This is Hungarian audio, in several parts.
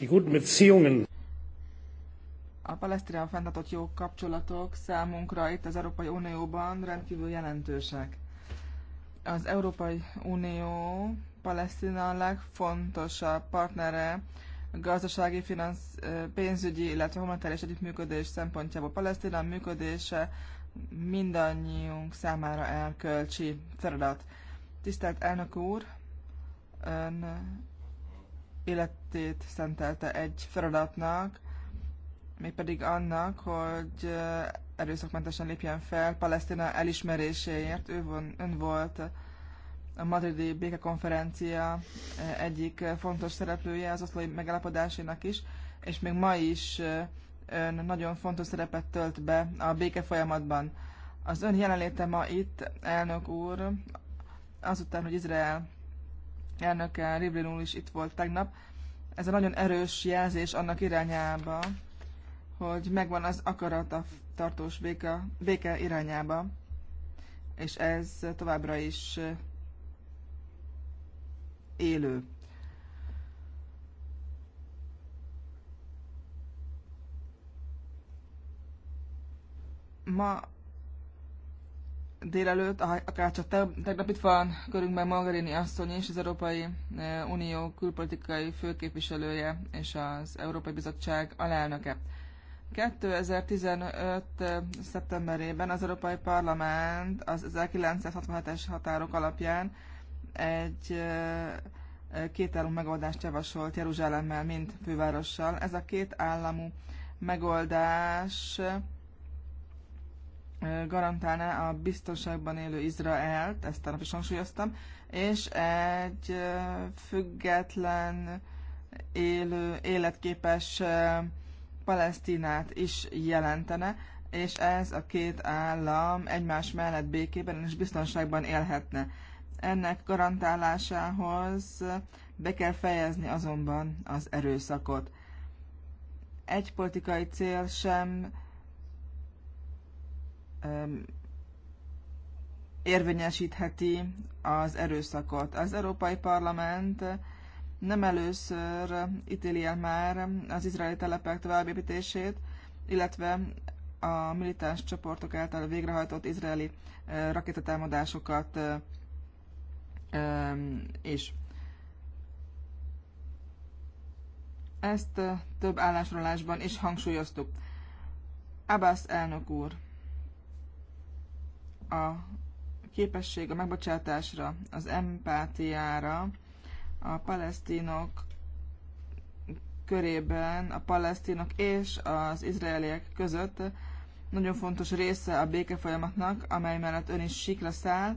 Die guten Beziehungen. A Palesztinában fenntartott jó kapcsolatok számunkra itt az Európai Unióban rendkívül jelentősek. Az Európai Unió Palesztina a legfontosabb partnere gazdasági, finansz, pénzügyi, illetve humanitárius együttműködés szempontjából. Palesztina működése mindannyiunk számára elkölcsi feladat. Tisztelt elnök úr, ön életét szentelte egy feladatnak, mégpedig annak, hogy erőszakmentesen lépjen fel Palesztina elismeréséért. Ő von, ön volt a madridi békekonferencia egyik fontos szereplője az oszlói megállapodásénak is, és még ma is ön nagyon fontos szerepet tölt be a béke folyamatban. Az ön jelenléte ma itt, elnök úr, azután, hogy Izrael elnöke Riblin úr is itt volt tegnap. Ez a nagyon erős jelzés annak irányába, hogy megvan az akarat a tartós béke, béke irányába, és ez továbbra is élő. Ma délelőtt, akár csak tegnap itt van körünkben Margarini asszony és az Európai eh, Unió külpolitikai főképviselője és az Európai Bizottság alelnöke. 2015. Eh, szeptemberében az Európai Parlament az 1967-es határok alapján egy eh, kétálló megoldást javasolt Jeruzsálemmel, mint fővárossal. Ez a két államú megoldás garantálná a biztonságban élő Izraelt, ezt tegnap is hangsúlyoztam, és egy független, élő, életképes Palesztinát is jelentene, és ez a két állam egymás mellett békében és biztonságban élhetne. Ennek garantálásához be kell fejezni azonban az erőszakot. Egy politikai cél sem érvényesítheti az erőszakot. Az Európai Parlament nem először ítéli el már az izraeli telepek továbbépítését, illetve a militáns csoportok által végrehajtott izraeli rakétatámadásokat is. Ezt több állásrólásban is hangsúlyoztuk. Abbas elnök úr, a képesség a megbocsátásra, az empátiára, a palesztinok körében, a palesztinok és az izraeliek között nagyon fontos része a békefolyamatnak, amely mellett ön is sikla száll,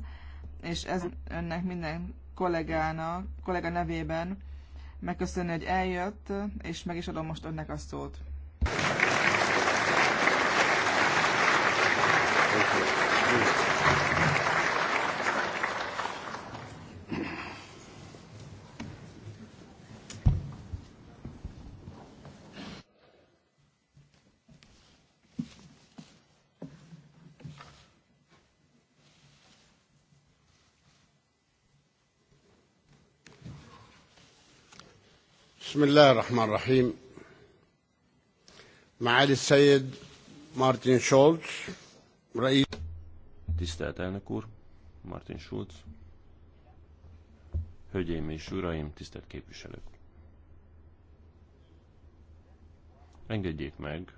és ez önnek minden kollégának, kollega nevében megköszönni, hogy eljött, és meg is adom most önnek a szót. بسم الله الرحمن الرحيم معالي السيد مارتن شولز رئيس Tisztelt elnök úr, Martin Schulz, Hölgyeim és uraim, tisztelt képviselők! Engedjék meg,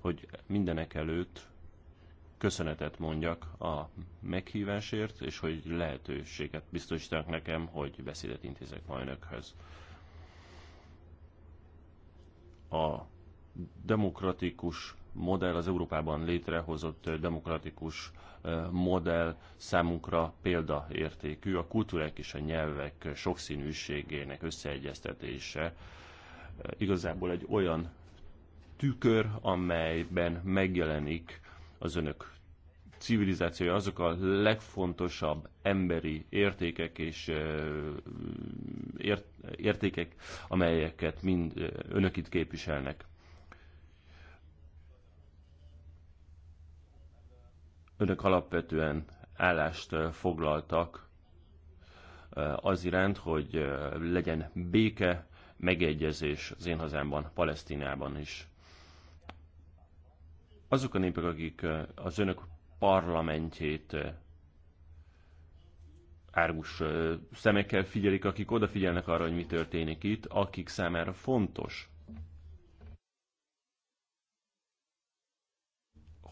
hogy mindenek előtt köszönetet mondjak a meghívásért, és hogy lehetőséget biztosítanak nekem, hogy beszédet intézek ma önökhöz. A demokratikus modell, az Európában létrehozott demokratikus modell számunkra példaértékű. A kultúrák és a nyelvek sokszínűségének összeegyeztetése igazából egy olyan tükör, amelyben megjelenik az önök civilizációja, azok a legfontosabb emberi értékek és ért, értékek, amelyeket mind önök itt képviselnek. önök alapvetően állást foglaltak az iránt, hogy legyen béke, megegyezés az én hazámban, Palesztinában is. Azok a népek, akik az önök parlamentjét árgus szemekkel figyelik, akik odafigyelnek arra, hogy mi történik itt, akik számára fontos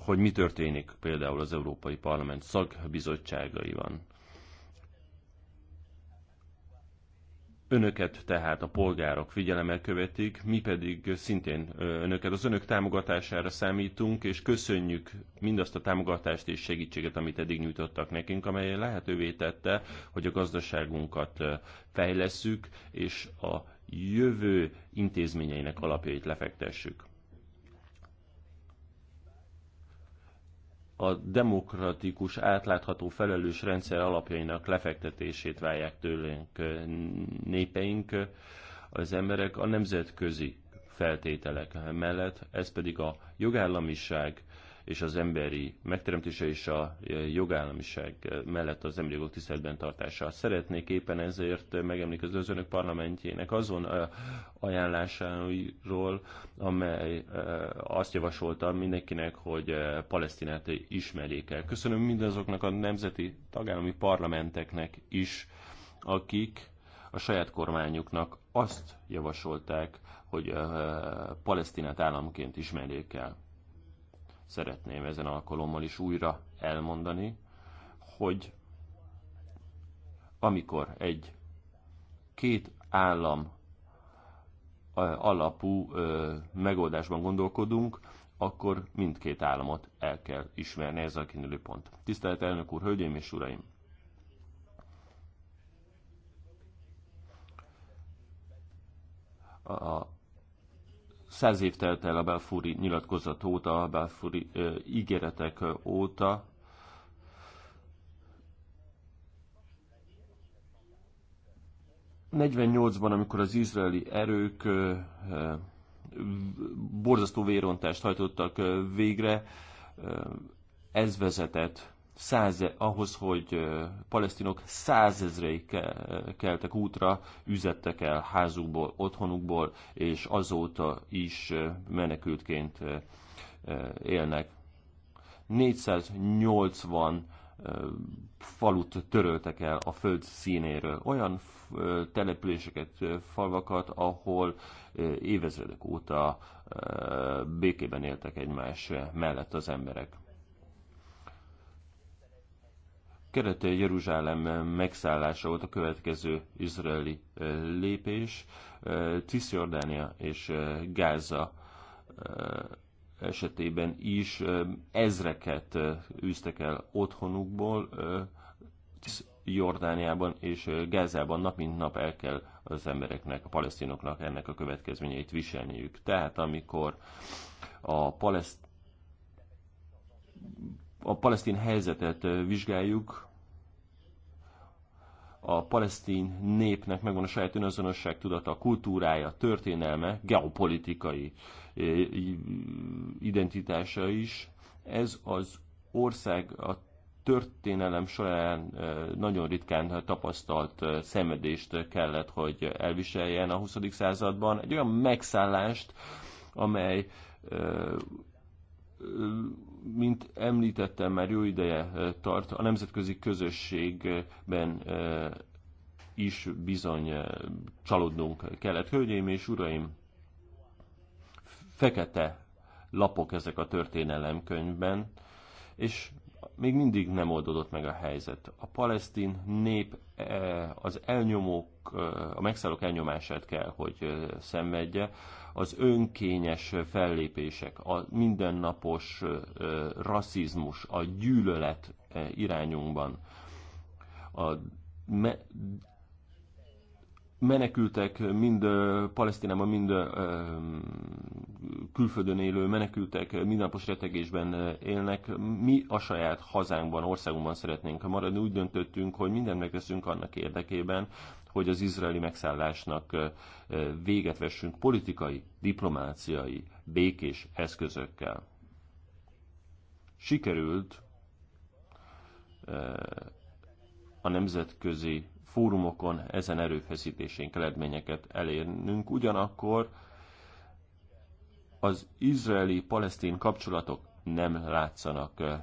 hogy mi történik például az Európai Parlament szakbizottságaiban. Önöket tehát a polgárok figyelemmel követik, mi pedig szintén önöket, az önök támogatására számítunk, és köszönjük mindazt a támogatást és segítséget, amit eddig nyújtottak nekünk, amely lehetővé tette, hogy a gazdaságunkat fejlesszük, és a jövő intézményeinek alapjait lefektessük. a demokratikus, átlátható, felelős rendszer alapjainak lefektetését várják tőlünk népeink, az emberek a nemzetközi feltételek mellett, ez pedig a jogállamiság, és az emberi megteremtése és a e, jogállamiság e, mellett az emberi jogok tiszteletben tartása. Szeretnék éppen ezért megemlékezni az önök parlamentjének azon e, ajánlásáról, amely azt javasolta mindenkinek, hogy Palesztinát ismerjék el. Köszönöm mindazoknak a nemzeti tagállami parlamenteknek is, akik a saját kormányuknak azt javasolták, hogy uh, Palesztinát államként ismerjék el szeretném ezen alkalommal is újra elmondani, hogy amikor egy két állam alapú megoldásban gondolkodunk, akkor mindkét államot el kell ismerni, ez a kiinduló pont. Tisztelt elnök úr, hölgyeim és uraim! A Száz év telt el a Belfúri nyilatkozat óta, a Belfúri ö, ígéretek óta. ban amikor az izraeli erők ö, ö, borzasztó vérontást hajtottak végre, ez vezetett száz, ahhoz, hogy palesztinok százezrei keltek útra, üzettek el házukból, otthonukból, és azóta is menekültként élnek. 480 falut töröltek el a föld színéről. Olyan településeket, falvakat, ahol évezredek óta békében éltek egymás mellett az emberek. Kelet Jeruzsálem eh, megszállása volt a következő izraeli eh, lépés. Eh, Cisjordánia és Gáza esetében is ezreket üztek el otthonukból, Jordániában és Gázában nap mint nap el kell az embereknek, a palesztinoknak ennek a következményeit viselniük. Tehát amikor a paleszt a palesztin helyzetet vizsgáljuk, a palesztin népnek megvan a saját önazonosság tudata, a kultúrája, történelme, geopolitikai identitása is. Ez az ország a történelem során nagyon ritkán tapasztalt szenvedést kellett, hogy elviseljen a 20. században. Egy olyan megszállást, amely mint említettem, már jó ideje eh, tart, a nemzetközi közösségben eh, is bizony eh, csalódnunk kellett. Hölgyeim és uraim, fekete lapok ezek a történelemkönyvben, és még mindig nem oldódott meg a helyzet. A palesztin nép e, az elnyomók, e, a megszállók elnyomását kell, hogy e, szenvedje. Az önkényes fellépések, a mindennapos rasszizmus, a gyűlölet irányunkban, a menekültek, mind Palesztinában, mind külföldön élő menekültek mindennapos retegésben élnek. Mi a saját hazánkban, országunkban szeretnénk maradni. Úgy döntöttünk, hogy mindent megteszünk annak érdekében, hogy az izraeli megszállásnak véget vessünk politikai, diplomáciai, békés eszközökkel. Sikerült a nemzetközi fórumokon ezen erőfeszítésénk eredményeket elérnünk. Ugyanakkor az izraeli-palesztin kapcsolatok nem látszanak eh,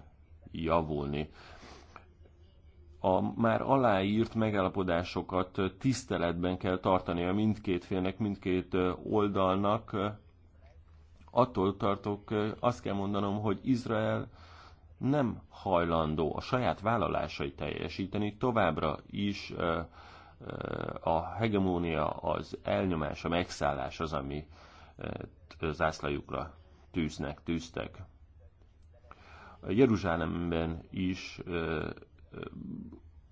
javulni. A már aláírt megállapodásokat eh, tiszteletben kell tartani a mindkét félnek, mindkét eh, oldalnak. Attól tartok, azt kell mondanom, hogy Izrael nem hajlandó a saját vállalásait teljesíteni, továbbra is a hegemónia, az elnyomás, a megszállás az, ami zászlajukra tűznek, tűztek. Jeruzsálemben is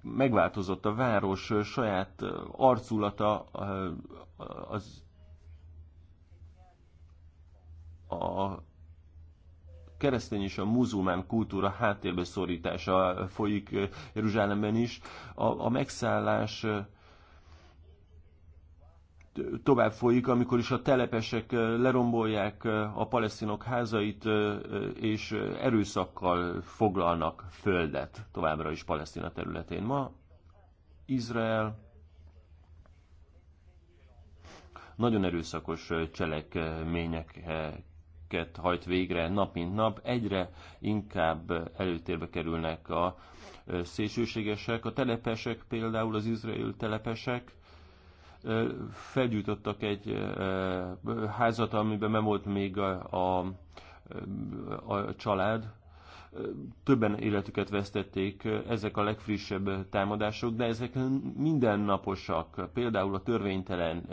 megváltozott a város saját arculata, az a keresztény és a muzulmán kultúra háttérbe szorítása folyik Jeruzsálemben is. A, a megszállás tovább folyik, amikor is a telepesek lerombolják a palesztinok házait, és erőszakkal foglalnak földet továbbra is Palesztina területén. Ma Izrael nagyon erőszakos cselekmények ket hajt végre nap mint nap, egyre inkább előtérbe kerülnek a szélsőségesek, a telepesek például, az izrael telepesek, felgyújtottak egy házat, amiben nem volt még a, a, a család, többen életüket vesztették, ezek a legfrissebb támadások, de ezek mindennaposak. Például a törvénytelen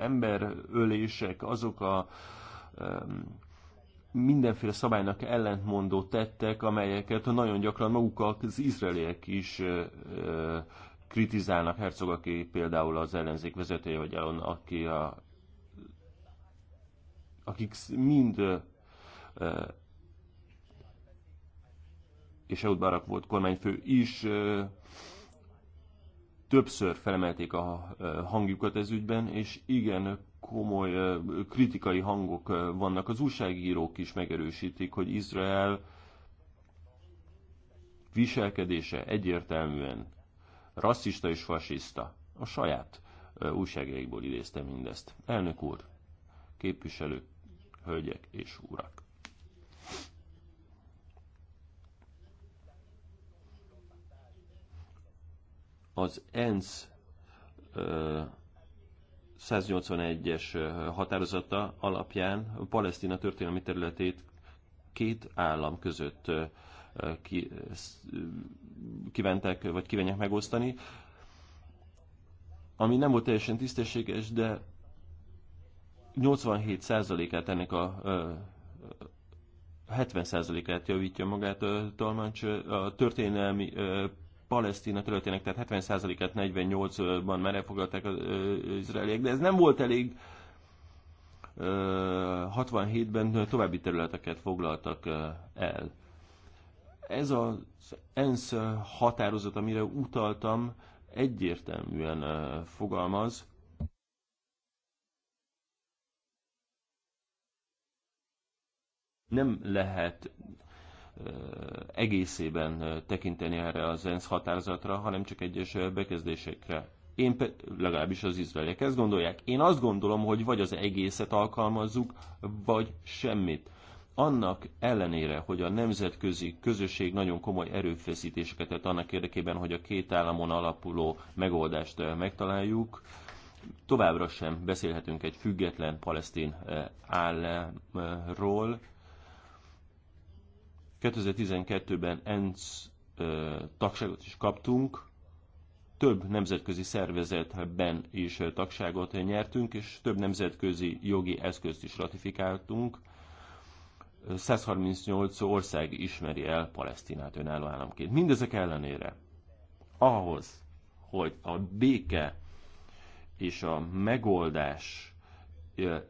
emberölések, azok a mindenféle szabálynak ellentmondó tettek, amelyeket nagyon gyakran maguk az izraeliek is kritizálnak. Herzog, aki például az ellenzék vezetője, vagy Elon, aki a, akik mind és Eud Barak volt kormányfő is többször felemelték a hangjukat ez ügyben, és igen komoly kritikai hangok vannak. Az újságírók is megerősítik, hogy Izrael viselkedése egyértelműen rasszista és fasiszta. A saját újságjaikból idézte mindezt. Elnök úr, képviselők, hölgyek és urak. az ENSZ 181-es határozata alapján a Palesztina történelmi területét két állam között ki, vagy kívánják megosztani, ami nem volt teljesen tisztességes, de 87%-át ennek a 70%-át javítja magát a, tolmács, a történelmi Palesztina területének, tehát 70%-át 48-ban már elfoglalták az izraeliek, de ez nem volt elég. 67-ben további területeket foglaltak el. Ez az ENSZ határozat, amire utaltam, egyértelműen fogalmaz, nem lehet egészében tekinteni erre az ENSZ határozatra, hanem csak egyes bekezdésekre. Én legalábbis az izraeliek ezt gondolják. Én azt gondolom, hogy vagy az egészet alkalmazzuk, vagy semmit. Annak ellenére, hogy a nemzetközi közösség nagyon komoly erőfeszítéseket tett annak érdekében, hogy a két államon alapuló megoldást megtaláljuk, továbbra sem beszélhetünk egy független palesztin államról, 2012-ben ENSZ ö, tagságot is kaptunk, több nemzetközi szervezetben is tagságot nyertünk, és több nemzetközi jogi eszközt is ratifikáltunk. 138 ország ismeri el Palesztinát önálló államként. Mindezek ellenére ahhoz, hogy a béke és a megoldás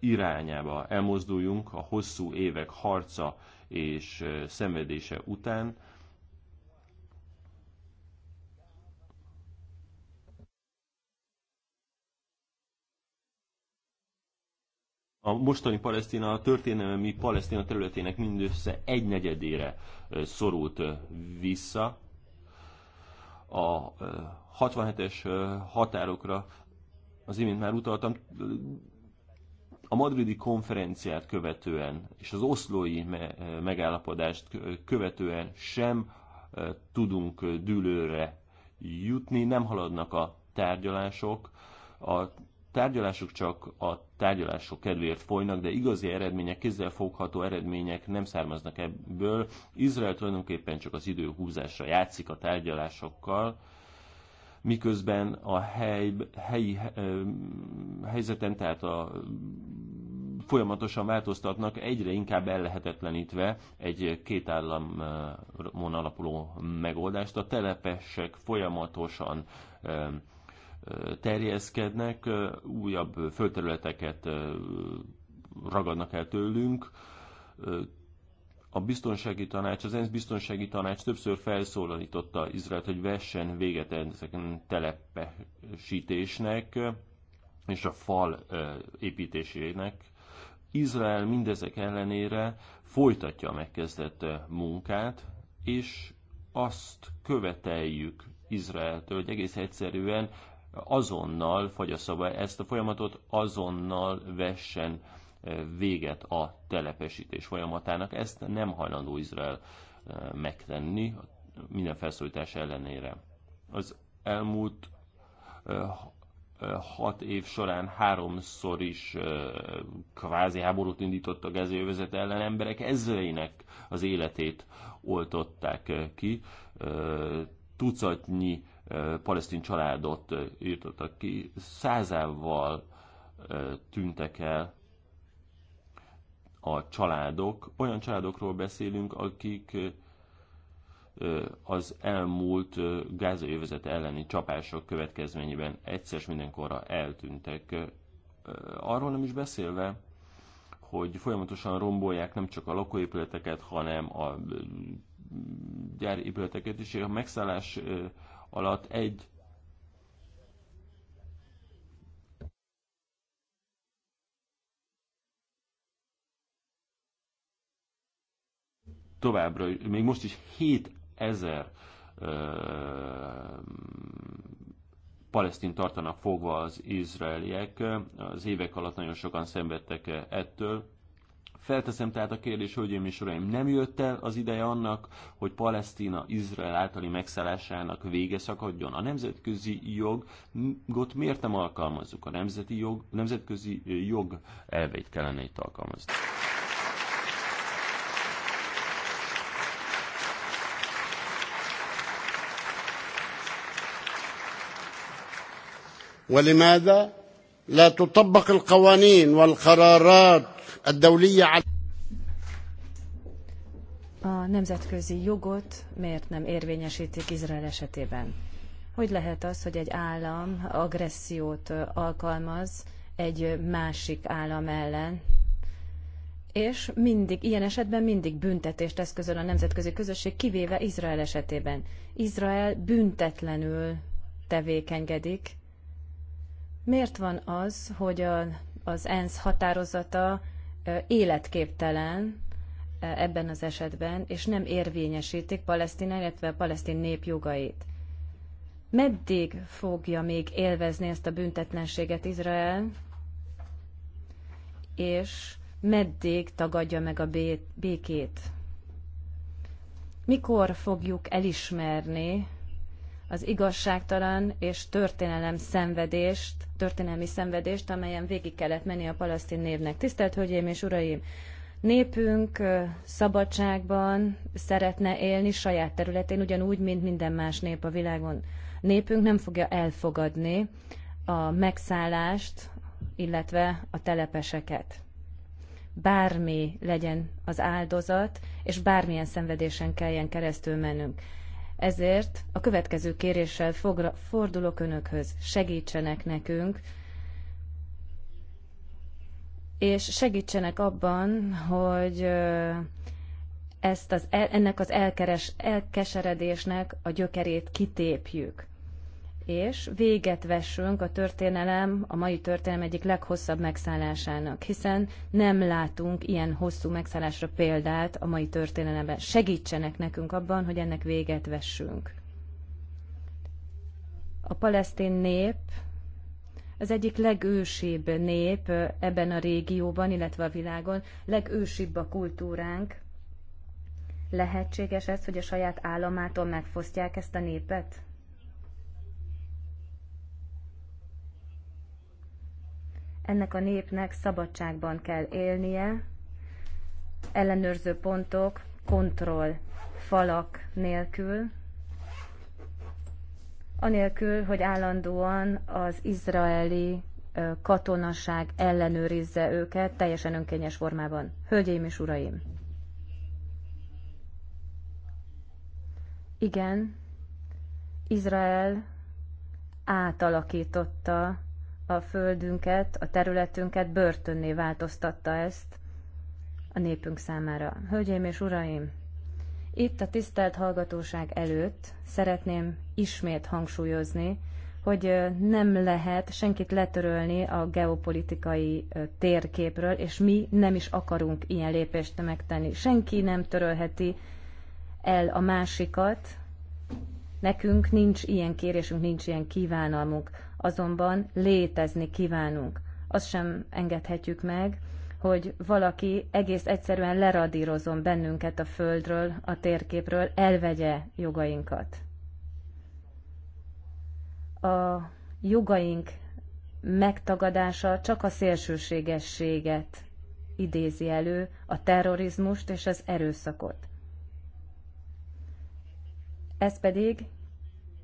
irányába elmozduljunk, a hosszú évek harca és szenvedése után a mostani Palesztina a történelmi Palesztina területének mindössze egy negyedére szorult vissza. A 67-es határokra az imént már utaltam, a madridi konferenciát követően és az oszlói megállapodást követően sem tudunk dűlőre jutni, nem haladnak a tárgyalások. A tárgyalások csak a tárgyalások kedvéért folynak, de igazi eredmények, fogható eredmények nem származnak ebből. Izrael tulajdonképpen csak az idő húzásra játszik a tárgyalásokkal, miközben a hely, helyi eh, helyzeten, tehát a folyamatosan változtatnak, egyre inkább ellehetetlenítve egy két államon eh, alapuló megoldást. A telepesek folyamatosan eh, terjeszkednek, újabb földterületeket ragadnak el tőlünk, a biztonsági tanács, az ENSZ biztonsági tanács többször felszólalította Izraelt, hogy vessen véget ezeken telepesítésnek és a fal építésének. Izrael mindezek ellenére folytatja a megkezdett munkát, és azt követeljük Izraeltől, hogy egész egyszerűen azonnal a be ezt a folyamatot, azonnal vessen véget a telepesítés folyamatának. Ezt nem hajlandó Izrael eh, megtenni minden felszólítás ellenére. Az elmúlt eh, eh, hat év során háromszor is kvázi háborút indított a gázővezet ellen emberek ezreinek az életét oltották ki. Tucatnyi palesztin családot írtottak ki, százával tűntek el a családok, olyan családokról beszélünk, akik az elmúlt gázőjövezet elleni csapások következményében egyszer mindenkorra eltűntek. Arról nem is beszélve, hogy folyamatosan rombolják nem csak a lakóépületeket, hanem a épületeket is. és A megszállás alatt egy továbbra, még most is 7000 palesztin tartanak fogva az izraeliek. Az évek alatt nagyon sokan szenvedtek ettől. Felteszem tehát a kérdés, én és uraim, nem jött el az ideje annak, hogy Palesztina Izrael általi megszállásának vége szakadjon? A nemzetközi jogot miért nem alkalmazzuk? A nemzeti jog, nemzetközi jog elveit kellene itt alkalmazni. ولماذا لا تطبق القوانين والقرارات الدولية على a nemzetközi jogot miért nem érvényesítik Izrael esetében? Hogy lehet az, hogy egy állam agressziót alkalmaz egy másik állam ellen, és mindig, ilyen esetben mindig büntetést eszközöl a nemzetközi közösség, kivéve Izrael esetében. Izrael büntetlenül tevékenykedik, Miért van az, hogy a, az ENSZ határozata életképtelen ebben az esetben, és nem érvényesítik palesztin, illetve a palesztin nép jogait? Meddig fogja még élvezni ezt a büntetlenséget Izrael, és meddig tagadja meg a békét? Mikor fogjuk elismerni az igazságtalan és történelem szenvedést, történelmi szenvedést, amelyen végig kellett menni a palasztin népnek. Tisztelt Hölgyeim és Uraim! Népünk szabadságban szeretne élni saját területén, ugyanúgy, mint minden más nép a világon. Népünk nem fogja elfogadni a megszállást, illetve a telepeseket. Bármi legyen az áldozat, és bármilyen szenvedésen kelljen keresztül mennünk. Ezért a következő kéréssel fogra, fordulok önökhöz. Segítsenek nekünk, és segítsenek abban, hogy ezt az, ennek az elkeres, elkeseredésnek a gyökerét kitépjük és véget vessünk a történelem, a mai történelem egyik leghosszabb megszállásának, hiszen nem látunk ilyen hosszú megszállásra példát a mai történelemben. Segítsenek nekünk abban, hogy ennek véget vessünk. A palesztin nép az egyik legősibb nép ebben a régióban, illetve a világon, legősibb a kultúránk. Lehetséges ez, hogy a saját államától megfosztják ezt a népet? Ennek a népnek szabadságban kell élnie, ellenőrző pontok, kontroll falak nélkül, anélkül, hogy állandóan az izraeli katonaság ellenőrizze őket teljesen önkényes formában. Hölgyeim és uraim! Igen, Izrael átalakította a földünket, a területünket börtönné változtatta ezt a népünk számára. Hölgyeim és uraim, itt a tisztelt hallgatóság előtt szeretném ismét hangsúlyozni, hogy nem lehet senkit letörölni a geopolitikai térképről, és mi nem is akarunk ilyen lépést megtenni. Senki nem törölheti el a másikat Nekünk nincs ilyen kérésünk, nincs ilyen kívánalmunk, azonban létezni kívánunk. Azt sem engedhetjük meg, hogy valaki egész egyszerűen leradírozom bennünket a földről, a térképről, elvegye jogainkat. A jogaink megtagadása csak a szélsőségességet idézi elő, a terrorizmust és az erőszakot. Ez pedig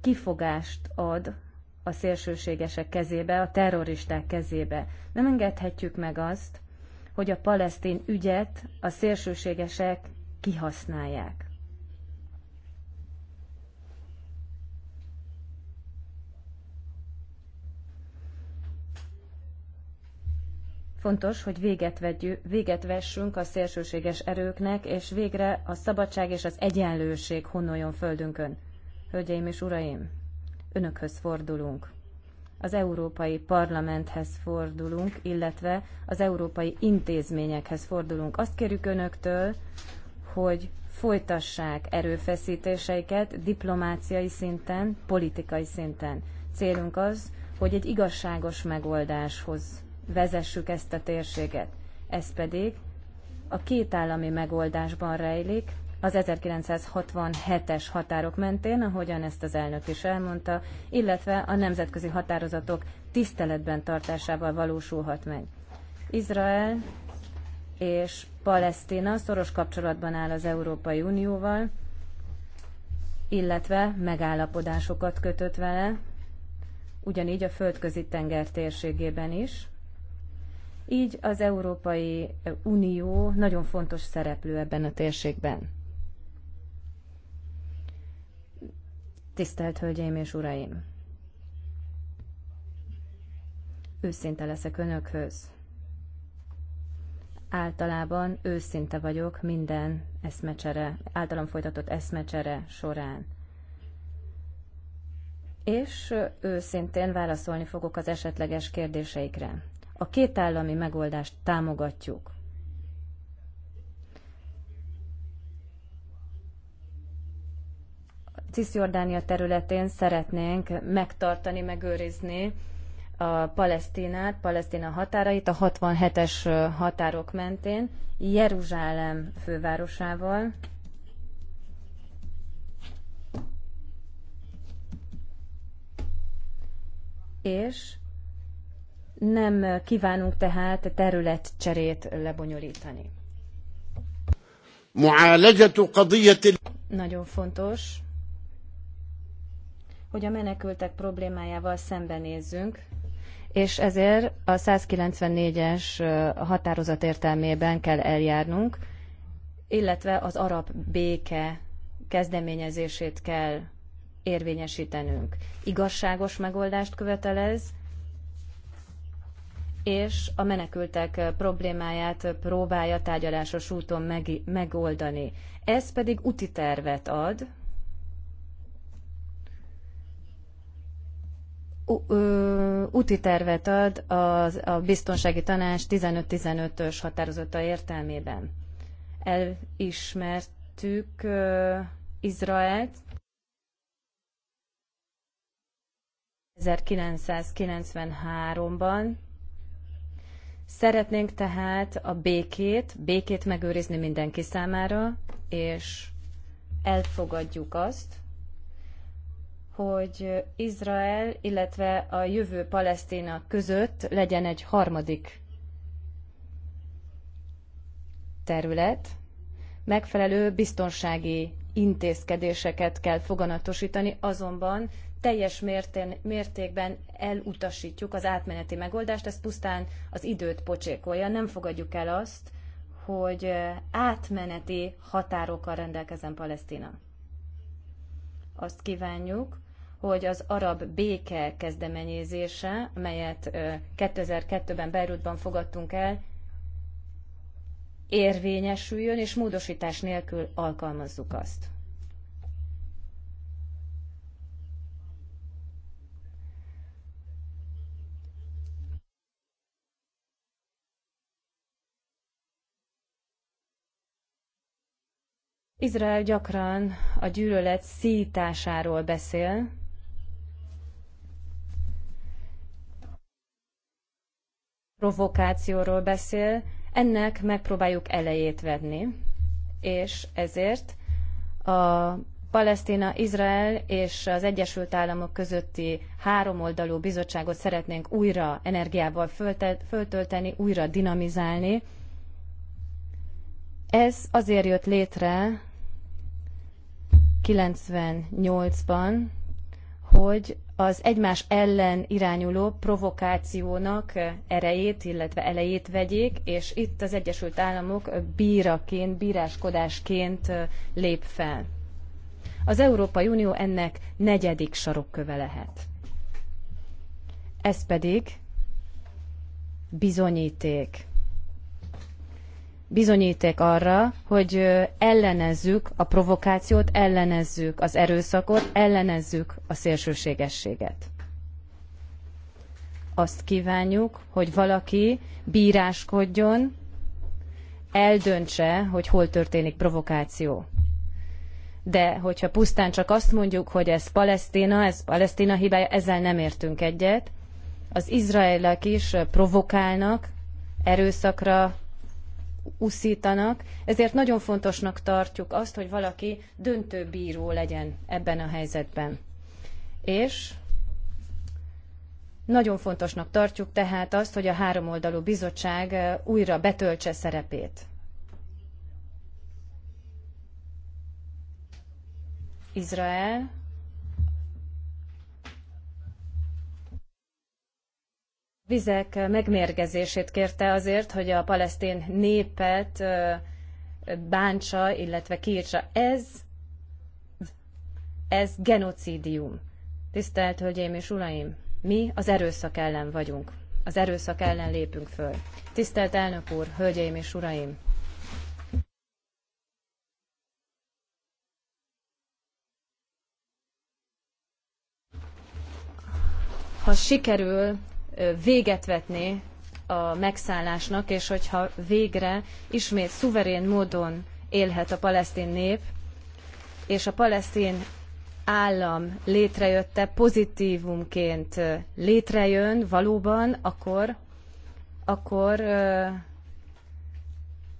kifogást ad a szélsőségesek kezébe, a terroristák kezébe. Nem engedhetjük meg azt, hogy a palesztin ügyet a szélsőségesek kihasználják. Fontos, hogy véget, vegyük, véget vessünk a szélsőséges erőknek, és végre a szabadság és az egyenlőség honoljon földünkön. Hölgyeim és uraim, önökhöz fordulunk. Az Európai Parlamenthez fordulunk, illetve az európai intézményekhez fordulunk. Azt kérjük önöktől, hogy folytassák erőfeszítéseiket diplomáciai szinten, politikai szinten. Célunk az, hogy egy igazságos megoldáshoz vezessük ezt a térséget. Ez pedig a kétállami megoldásban rejlik, az 1967-es határok mentén, ahogyan ezt az elnök is elmondta, illetve a nemzetközi határozatok tiszteletben tartásával valósulhat meg. Izrael és Palesztina szoros kapcsolatban áll az Európai Unióval, illetve megállapodásokat kötött vele, ugyanígy a földközi tenger térségében is. Így az Európai Unió nagyon fontos szereplő ebben a térségben. Tisztelt Hölgyeim és Uraim! Őszinte leszek Önökhöz. Általában őszinte vagyok minden eszmecsere, általam folytatott eszmecsere során. És őszintén válaszolni fogok az esetleges kérdéseikre. A két állami megoldást támogatjuk. Cisjordánia területén szeretnénk megtartani, megőrizni a Palesztinát, Palesztina határait a 67-es határok mentén, Jeruzsálem fővárosával. És nem kívánunk tehát területcserét lebonyolítani. Nagyon fontos, hogy a menekültek problémájával szembenézzünk, és ezért a 194-es határozat értelmében kell eljárnunk, illetve az arab béke kezdeményezését kell érvényesítenünk. Igazságos megoldást követelez, és a menekültek problémáját próbálja tárgyalásos úton meg, megoldani. Ez pedig úti tervet ad. úti tervet ad az, a biztonsági tanács 15-15-ös határozata értelmében. Elismertük uh, Izraelt 1993-ban, Szeretnénk tehát a békét, békét megőrizni mindenki számára, és elfogadjuk azt, hogy Izrael, illetve a jövő Palesztina között legyen egy harmadik terület, megfelelő biztonsági intézkedéseket kell foganatosítani, azonban teljes mértén, mértékben elutasítjuk az átmeneti megoldást, ez pusztán az időt pocsékolja, nem fogadjuk el azt, hogy átmeneti határokkal rendelkezzen Palesztina. Azt kívánjuk, hogy az arab béke kezdeményezése, melyet 2002-ben Beirutban fogadtunk el, érvényesüljön, és módosítás nélkül alkalmazzuk azt. Izrael gyakran a gyűlölet szításáról beszél, provokációról beszél, ennek megpróbáljuk elejét venni, és ezért a Palesztina, Izrael és az Egyesült Államok közötti háromoldalú bizottságot szeretnénk újra energiával föltölteni, újra dinamizálni. Ez azért jött létre, 98-ban, hogy az egymás ellen irányuló provokációnak erejét, illetve elejét vegyék, és itt az Egyesült Államok bíraként, bíráskodásként lép fel. Az Európai Unió ennek negyedik sarokköve lehet. Ez pedig bizonyíték bizonyíték arra, hogy ellenezzük a provokációt, ellenezzük az erőszakot, ellenezzük a szélsőségességet. Azt kívánjuk, hogy valaki bíráskodjon, eldöntse, hogy hol történik provokáció. De hogyha pusztán csak azt mondjuk, hogy ez Palesztina, ez Palesztina hibája, ezzel nem értünk egyet. Az izraelek is provokálnak, erőszakra úszítanak, ezért nagyon fontosnak tartjuk azt, hogy valaki döntő bíró legyen ebben a helyzetben. És nagyon fontosnak tartjuk tehát azt, hogy a háromoldalú bizottság újra betöltse szerepét. Izrael vizek megmérgezését kérte azért, hogy a palesztin népet bántsa, illetve kiírtsa. Ez, ez genocidium. Tisztelt Hölgyeim és Uraim, mi az erőszak ellen vagyunk. Az erőszak ellen lépünk föl. Tisztelt elnök úr, hölgyeim és uraim! Ha sikerül véget vetni a megszállásnak, és hogyha végre ismét szuverén módon élhet a palesztin nép, és a palesztin állam létrejötte pozitívumként létrejön valóban, akkor, akkor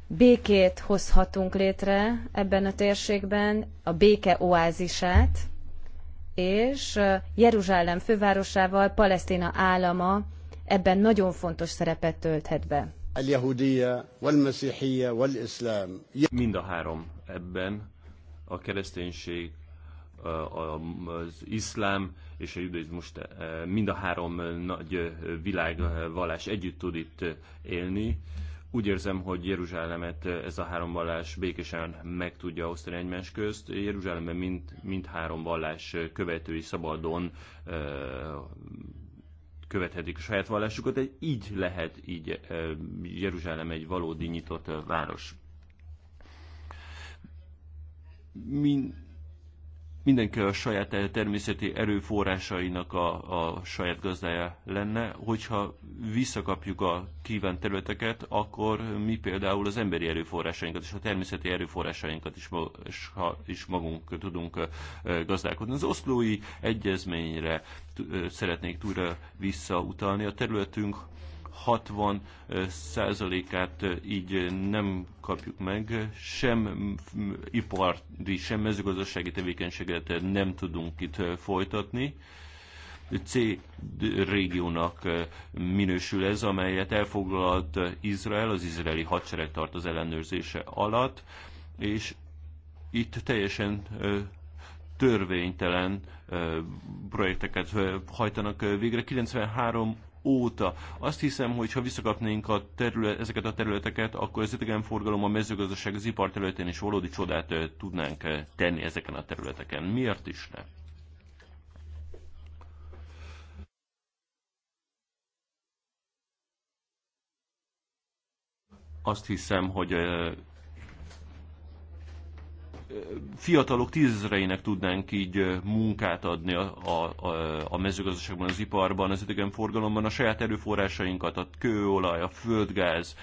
békét hozhatunk létre ebben a térségben, a béke oázisát, és Jeruzsálem fővárosával Palesztina állama ebben nagyon fontos szerepet tölthet be. Mind a három ebben a kereszténység, az iszlám és a judaizmus, mind a három nagy világvallás együtt tud itt élni. Úgy érzem, hogy Jeruzsálemet eh, ez a három vallás békésen meg tudja osztani egymás közt. Jeruzsálemben mind, mind három vallás eh, követői szabadon eh, követhetik a saját vallásukat, egy így lehet így Jeruzsálem egy valódi nyitott város. Mind, mindenki a saját természeti erőforrásainak a, a saját gazdája lenne. Hogyha visszakapjuk a kívánt területeket, akkor mi például az emberi erőforrásainkat és a természeti erőforrásainkat is, is magunk tudunk gazdálkodni. Az oszlói egyezményre szeretnék újra visszautalni. A területünk 60 százalékát így nem kapjuk meg, sem ipari, sem mezőgazdasági tevékenységet nem tudunk itt folytatni. C régiónak minősül ez, amelyet elfoglalt Izrael, az izraeli hadsereg tart az ellenőrzése alatt, és itt teljesen törvénytelen projekteket hajtanak végre. 93 óta. Azt hiszem, hogy ha visszakapnénk a terület, ezeket a területeket, akkor az idegenforgalom, a mezőgazdaság, az ipar területén is valódi csodát tudnánk tenni ezeken a területeken. Miért is ne? Azt hiszem, hogy fiatalok tízezreinek tudnánk így munkát adni a, a, a mezőgazdaságban, az iparban, az idegenforgalomban, a saját erőforrásainkat, a kőolaj, a földgáz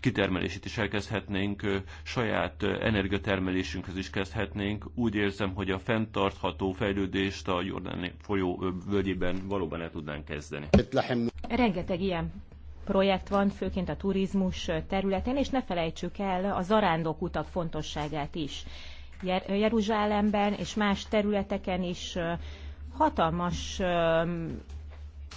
kitermelését is elkezdhetnénk, saját energiatermelésünkhez is kezdhetnénk. Úgy érzem, hogy a fenntartható fejlődést a Jordán folyó völgyében valóban el tudnánk kezdeni. Rengeteg ilyen projekt van, főként a turizmus területén, és ne felejtsük el a zarándok utak fontosságát is. Jeruzsálemben és más területeken is hatalmas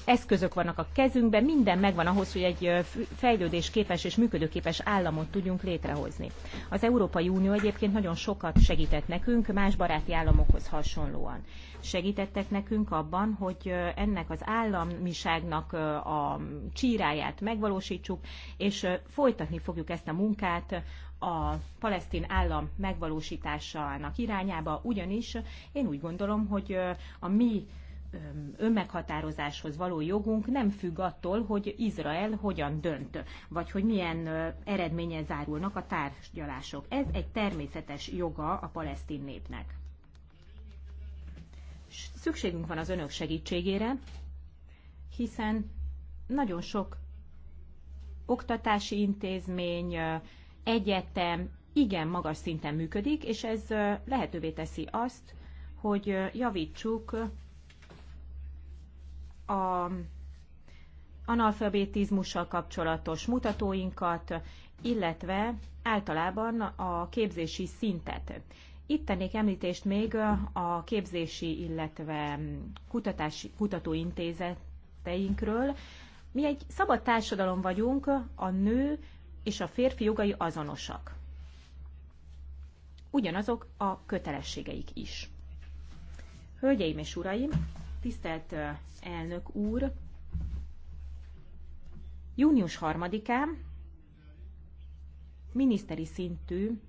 eszközök vannak a kezünkben, minden megvan ahhoz, hogy egy fejlődésképes és működőképes államot tudjunk létrehozni. Az Európai Unió egyébként nagyon sokat segített nekünk, más baráti államokhoz hasonlóan. Segítettek nekünk abban, hogy ennek az államiságnak a csíráját megvalósítsuk, és folytatni fogjuk ezt a munkát a palesztin állam megvalósításának irányába, ugyanis én úgy gondolom, hogy a mi önmeghatározáshoz való jogunk nem függ attól, hogy Izrael hogyan dönt, vagy hogy milyen eredménye zárulnak a tárgyalások. Ez egy természetes joga a palesztin népnek. Szükségünk van az önök segítségére, hiszen nagyon sok oktatási intézmény, egyetem igen magas szinten működik, és ez lehetővé teszi azt, hogy javítsuk a analfabetizmussal kapcsolatos mutatóinkat, illetve általában a képzési szintet. Itt tennék említést még a képzési, illetve kutatási, kutatóintézeteinkről. Mi egy szabad társadalom vagyunk, a nő és a férfi jogai azonosak. Ugyanazok a kötelességeik is. Hölgyeim és uraim, Tisztelt elnök úr! Június 3-án miniszteri szintű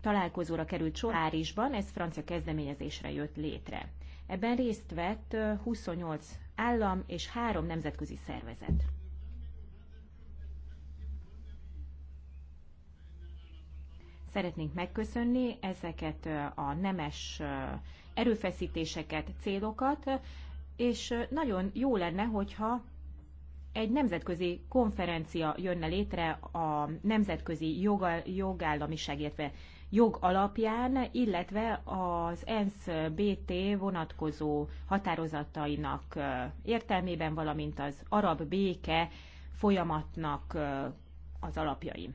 találkozóra került sor Párizsban, ez francia kezdeményezésre jött létre. Ebben részt vett 28 állam és három nemzetközi szervezet. Szeretnénk megköszönni ezeket a nemes erőfeszítéseket, célokat, és nagyon jó lenne, hogyha egy nemzetközi konferencia jönne létre a nemzetközi joga, jogállamiság, illetve jog alapján, illetve az ENSZ BT vonatkozó határozatainak értelmében, valamint az arab béke folyamatnak az alapjain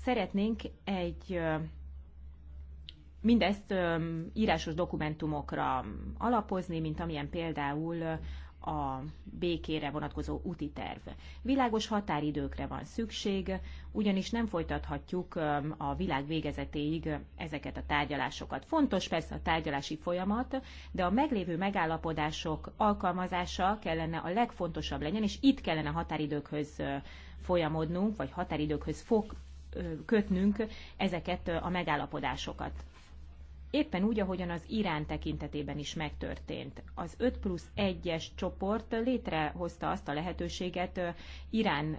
szeretnénk egy mindezt írásos dokumentumokra alapozni, mint amilyen például a békére vonatkozó úti terv. Világos határidőkre van szükség, ugyanis nem folytathatjuk a világ végezetéig ezeket a tárgyalásokat. Fontos persze a tárgyalási folyamat, de a meglévő megállapodások alkalmazása kellene a legfontosabb legyen, és itt kellene határidőkhöz folyamodnunk, vagy határidőkhöz fog kötnünk ezeket a megállapodásokat. Éppen úgy, ahogyan az Irán tekintetében is megtörtént. Az 5 plusz 1-es csoport létrehozta azt a lehetőséget Irán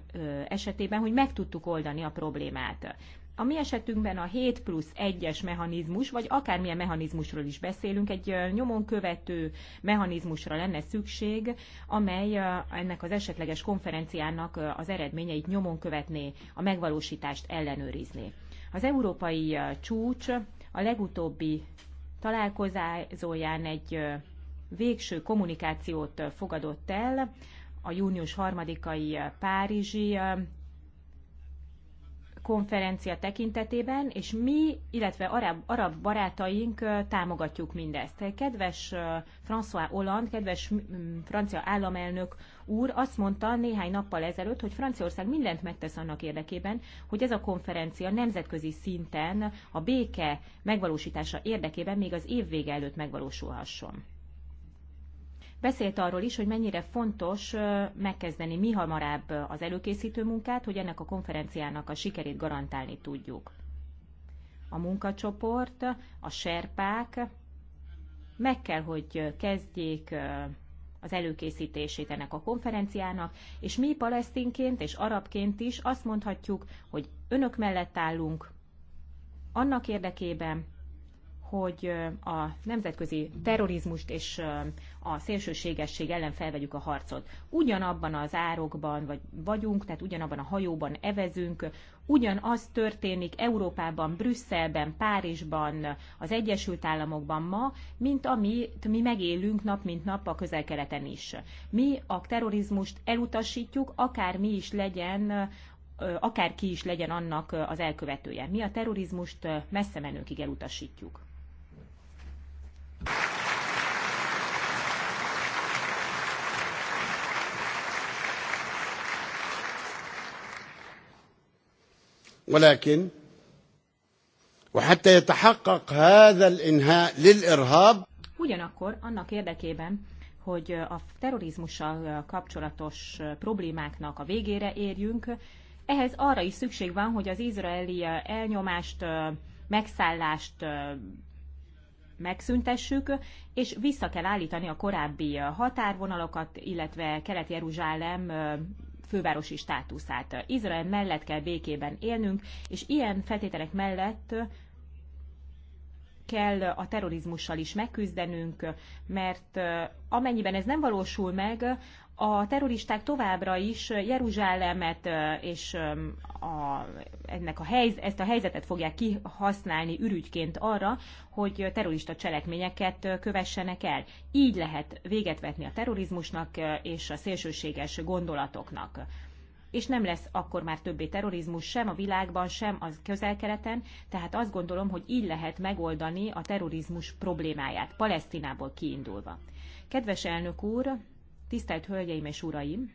esetében, hogy meg tudtuk oldani a problémát. A mi esetünkben a 7 plusz 1-es mechanizmus, vagy akármilyen mechanizmusról is beszélünk, egy nyomon követő mechanizmusra lenne szükség, amely ennek az esetleges konferenciának az eredményeit nyomon követné, a megvalósítást ellenőrizné. Az európai csúcs a legutóbbi találkozóján egy végső kommunikációt fogadott el, a június harmadikai Párizsi konferencia tekintetében, és mi, illetve arab, arab barátaink támogatjuk mindezt. Kedves François Hollande, kedves francia államelnök úr azt mondta néhány nappal ezelőtt, hogy Franciaország mindent megtesz annak érdekében, hogy ez a konferencia nemzetközi szinten a béke megvalósítása érdekében még az év vége előtt megvalósulhasson beszélt arról is, hogy mennyire fontos megkezdeni mi hamarabb az előkészítő munkát, hogy ennek a konferenciának a sikerét garantálni tudjuk. A munkacsoport, a serpák meg kell, hogy kezdjék az előkészítését ennek a konferenciának, és mi palesztinként és arabként is azt mondhatjuk, hogy önök mellett állunk annak érdekében, hogy a nemzetközi terrorizmust és a szélsőségesség ellen felvegyük a harcot. Ugyanabban az árokban vagy vagyunk, tehát ugyanabban a hajóban evezünk, ugyanaz történik Európában, Brüsszelben, Párizsban, az Egyesült Államokban ma, mint amit mi megélünk nap mint nap a közelkeleten is. Mi a terrorizmust elutasítjuk, akár mi is legyen akárki is legyen annak az elkövetője. Mi a terrorizmust messze menőkig elutasítjuk. ولكن وحتى يتحقق هذا الانهاء للإرهاب Ugyanakkor annak érdekében, hogy a terrorizmussal kapcsolatos problémáknak a végére érjünk, ehhez arra is szükség van, hogy az izraeli elnyomást, megszállást megszüntessük, és vissza kell állítani a korábbi határvonalakat, illetve Kelet-Jeruzsálem fővárosi státuszát. Izrael mellett kell békében élnünk, és ilyen feltételek mellett kell a terrorizmussal is megküzdenünk, mert eh, amennyiben ez nem valósul meg, a terroristák továbbra is Jeruzsálemet és a, ennek a helyz, ezt a helyzetet fogják kihasználni ürügyként arra, hogy terrorista cselekményeket kövessenek el. Így lehet véget vetni a terrorizmusnak és a szélsőséges gondolatoknak és nem lesz akkor már többé terrorizmus sem a világban, sem az közelkeleten, tehát azt gondolom, hogy így lehet megoldani a terrorizmus problémáját, Palesztinából kiindulva. Kedves elnök úr, Tisztelt Hölgyeim és Uraim!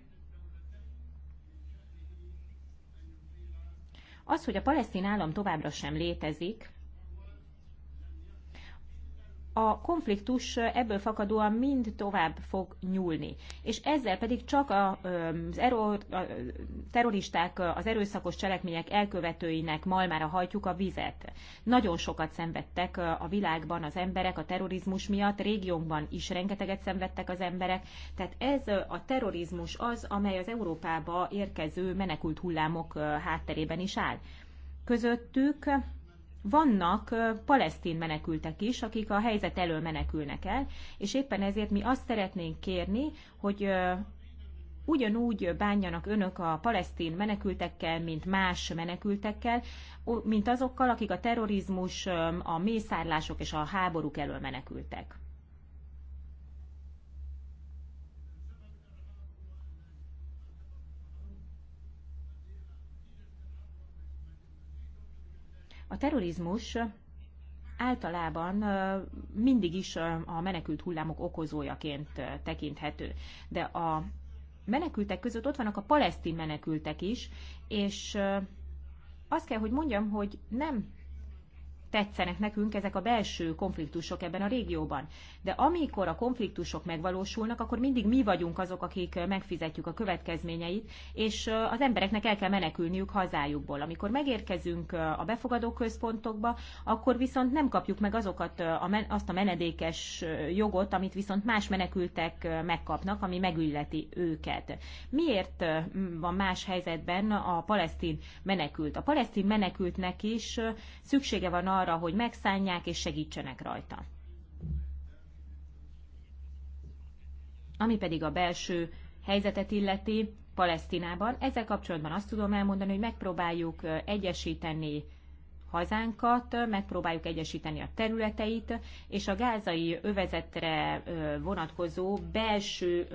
Az, hogy a palesztin állam továbbra sem létezik, a konfliktus ebből fakadóan mind tovább fog nyúlni. És ezzel pedig csak a, az erő, a terroristák, az erőszakos cselekmények elkövetőinek malmára hajtjuk a vizet. Nagyon sokat szenvedtek a világban az emberek a terrorizmus miatt, régiónkban is rengeteget szenvedtek az emberek. Tehát ez a terrorizmus az, amely az Európába érkező menekült hullámok hátterében is áll. Közöttük vannak palesztin menekültek is, akik a helyzet elől menekülnek el, és éppen ezért mi azt szeretnénk kérni, hogy ugyanúgy bánjanak önök a palesztin menekültekkel, mint más menekültekkel, mint azokkal, akik a terrorizmus, a mészárlások és a háborúk elől menekültek. A terrorizmus általában mindig is a menekült hullámok okozójaként tekinthető, de a menekültek között ott vannak a palesztin menekültek is, és azt kell, hogy mondjam, hogy nem tetszenek nekünk ezek a belső konfliktusok ebben a régióban. De amikor a konfliktusok megvalósulnak, akkor mindig mi vagyunk azok, akik megfizetjük a következményeit, és az embereknek el kell menekülniük hazájukból. Amikor megérkezünk a befogadó központokba, akkor viszont nem kapjuk meg azokat a men- azt a menedékes jogot, amit viszont más menekültek megkapnak, ami megülleti őket. Miért van más helyzetben a palesztin menekült? A palesztin menekültnek is szüksége van arra, arra, hogy megszánják és segítsenek rajta. Ami pedig a belső helyzetet illeti Palesztinában, ezzel kapcsolatban azt tudom elmondani, hogy megpróbáljuk egyesíteni hazánkat, megpróbáljuk egyesíteni a területeit, és a gázai övezetre vonatkozó belső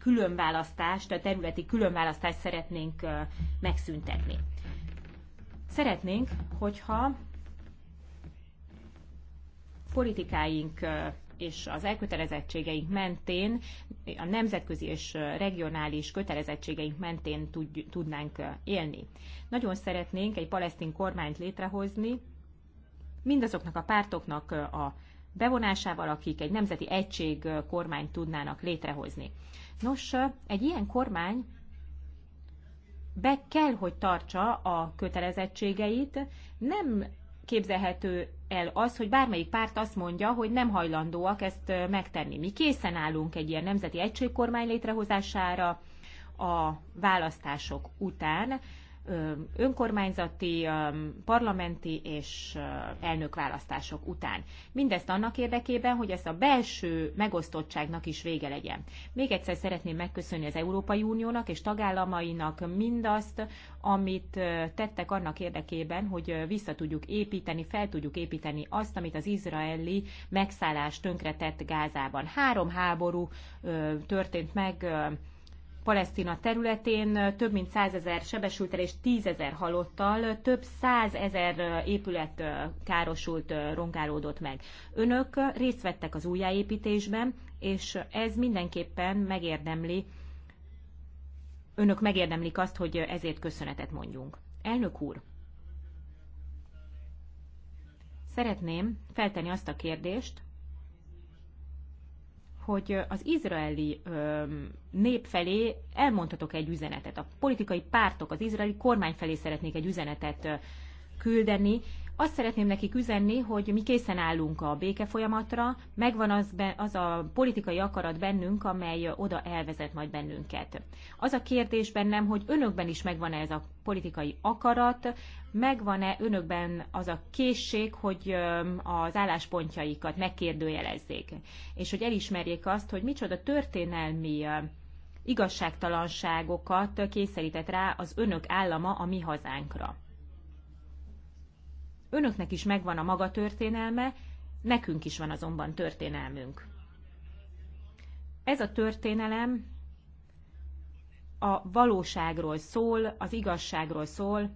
különválasztást, a területi különválasztást szeretnénk megszüntetni. Szeretnénk, hogyha politikáink és az elkötelezettségeink mentén, a nemzetközi és regionális kötelezettségeink mentén tudnánk élni. Nagyon szeretnénk egy palesztin kormányt létrehozni, mindazoknak a pártoknak a bevonásával, akik egy nemzeti egység kormányt tudnának létrehozni. Nos, egy ilyen kormány be kell, hogy tartsa a kötelezettségeit, nem képzelhető el az, hogy bármelyik párt azt mondja, hogy nem hajlandóak ezt megtenni. Mi készen állunk egy ilyen nemzeti egységkormány létrehozására a választások után, önkormányzati, parlamenti és elnökválasztások után. Mindezt annak érdekében, hogy ez a belső megosztottságnak is vége legyen. Még egyszer szeretném megköszönni az Európai Uniónak és tagállamainak mindazt, amit tettek annak érdekében, hogy vissza tudjuk építeni, fel tudjuk építeni azt, amit az izraeli megszállás tönkretett Gázában. Három háború történt meg Palesztina területén több mint 100 sebesültel és 10 halottal, több százezer épület károsult, rongálódott meg. Önök részt vettek az újjáépítésben, és ez mindenképpen megérdemli, önök megérdemlik azt, hogy ezért köszönetet mondjunk. Elnök úr, szeretném feltenni azt a kérdést, hogy az izraeli nép felé elmondhatok egy üzenetet. A politikai pártok, az izraeli kormány felé szeretnék egy üzenetet küldeni, azt szeretném nekik üzenni, hogy mi készen állunk a béke folyamatra, megvan az, be, az a politikai akarat bennünk, amely oda elvezet majd bennünket. Az a kérdés bennem, hogy önökben is megvan-e ez a politikai akarat, megvan-e önökben az a készség, hogy az álláspontjaikat megkérdőjelezzék, és hogy elismerjék azt, hogy micsoda történelmi igazságtalanságokat kényszerített rá az önök állama a mi hazánkra. Önöknek is megvan a maga történelme, nekünk is van azonban történelmünk. Ez a történelem a valóságról szól, az igazságról szól.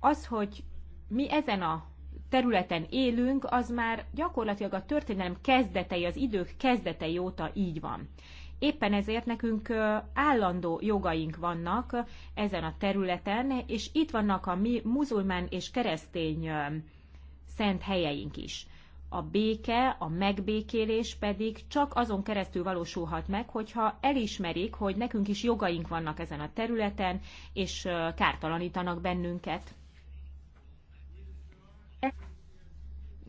Az, hogy mi ezen a területen élünk, az már gyakorlatilag a történelem kezdetei, az idők kezdetei óta így van. Éppen ezért nekünk állandó jogaink vannak ezen a területen, és itt vannak a mi muzulmán és keresztény szent helyeink is. A béke, a megbékélés pedig csak azon keresztül valósulhat meg, hogyha elismerik, hogy nekünk is jogaink vannak ezen a területen, és kártalanítanak bennünket.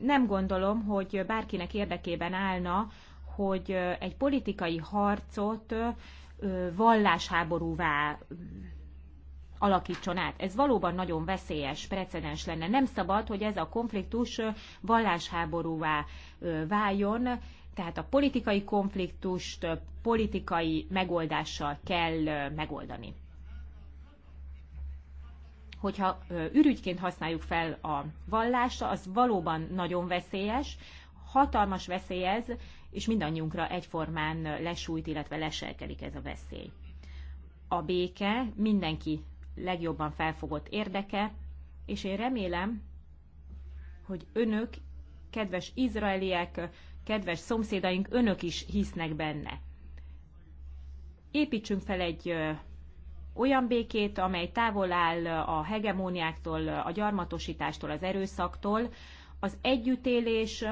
Nem gondolom, hogy bárkinek érdekében állna hogy egy politikai harcot vallásháborúvá alakítson át. Ez valóban nagyon veszélyes precedens lenne. Nem szabad, hogy ez a konfliktus vallásháborúvá váljon, tehát a politikai konfliktust politikai megoldással kell megoldani. Hogyha ürügyként használjuk fel a vallást, az valóban nagyon veszélyes, hatalmas veszély ez, és mindannyiunkra egyformán lesújt, illetve leselkedik ez a veszély. A béke mindenki legjobban felfogott érdeke, és én remélem, hogy önök, kedves izraeliek, kedves szomszédaink, önök is hisznek benne. Építsünk fel egy olyan békét, amely távol áll a hegemóniáktól, a gyarmatosítástól, az erőszaktól, az együttélés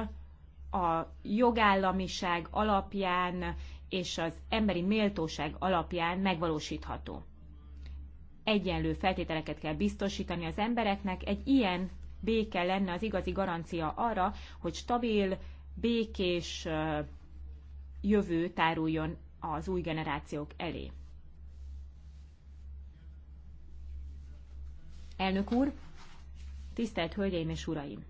a jogállamiság alapján és az emberi méltóság alapján megvalósítható. Egyenlő feltételeket kell biztosítani az embereknek, egy ilyen béke lenne az igazi garancia arra, hogy stabil, békés jövő táruljon az új generációk elé. Elnök úr, tisztelt Hölgyeim és Uraim!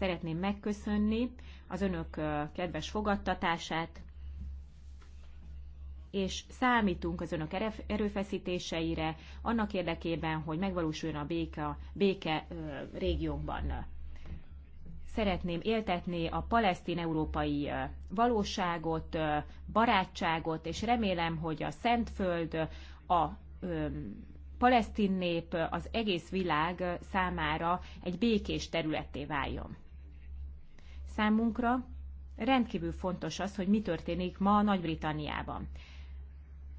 Szeretném megköszönni az önök kedves fogadtatását, és számítunk az önök erőfeszítéseire annak érdekében, hogy megvalósuljon a béke, béke régiónkban. Szeretném éltetni a palesztin-európai valóságot, barátságot, és remélem, hogy a Szentföld, a palesztin nép az egész világ számára egy békés területté váljon. Számunkra rendkívül fontos az, hogy mi történik ma Nagy-Britanniában.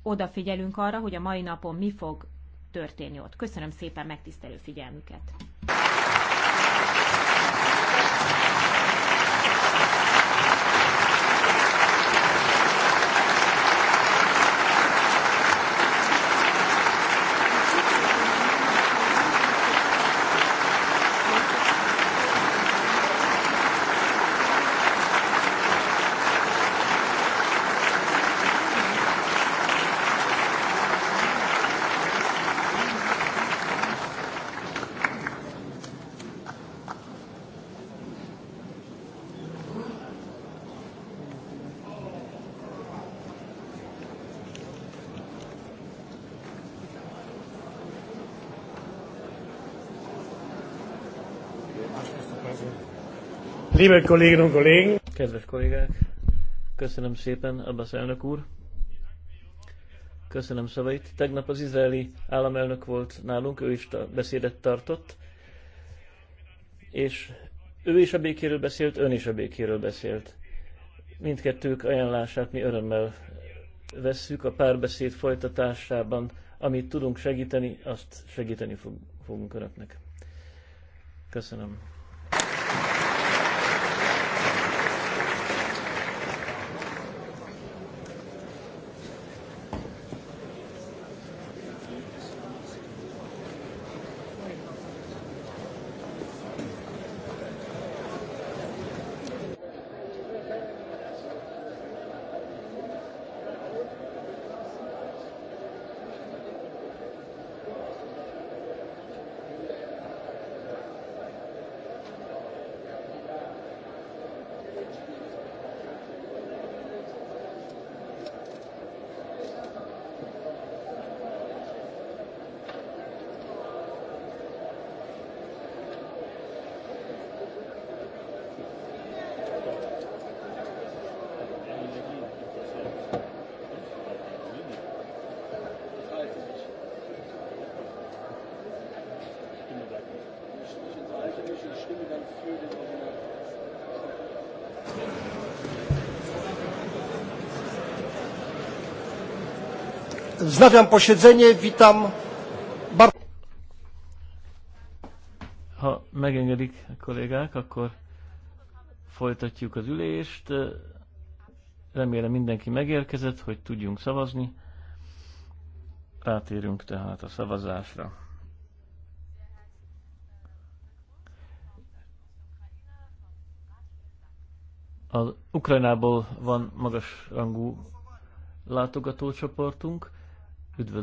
Odafigyelünk arra, hogy a mai napon mi fog történni ott. Köszönöm szépen megtisztelő figyelmüket! Liebe Kolleginnen und Kollegen! Kedves kollégák! Köszönöm szépen, Abbas elnök úr! Köszönöm szavait. Tegnap az izraeli államelnök volt nálunk, ő is beszédet tartott, és ő is a békéről beszélt, ön is a békéről beszélt. Mindkettők ajánlását mi örömmel vesszük a párbeszéd folytatásában. Amit tudunk segíteni, azt segíteni fogunk önöknek. Köszönöm. Wznawiam posiedzenie, witam bardzo... Ha megengedik a kollégák, akkor folytatjuk az ülést. Remélem mindenki megérkezett, hogy tudjunk szavazni. Rátérünk tehát a szavazásra. Az Ukrajnából van magas rangú látogatócsoportunk, Üdvözlöm!